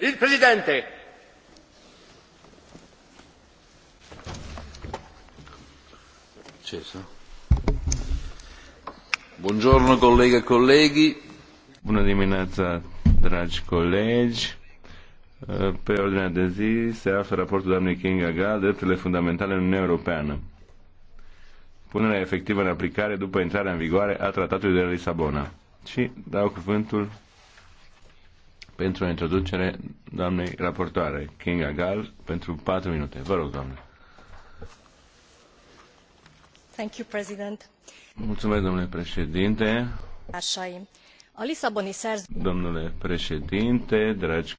Il Presidente. Acceso. Buongiorno colleghe e colleghi. Bună dimineața, dragi colegi. Pe ordinea de zi se află raportul doamnei King Aga, drepturile fundamentale în Uniunea Europeană. Punerea efectivă în aplicare după intrarea în vigoare a Tratatului de la Lisabona. Și dau cuvântul pentru o introducere doamnei raportoare, Kinga Gal, pentru 4 minute. Vă rog, doamne. Thank you, President. Mulțumesc, domnule președinte. Așa e. Domnule președinte, dragi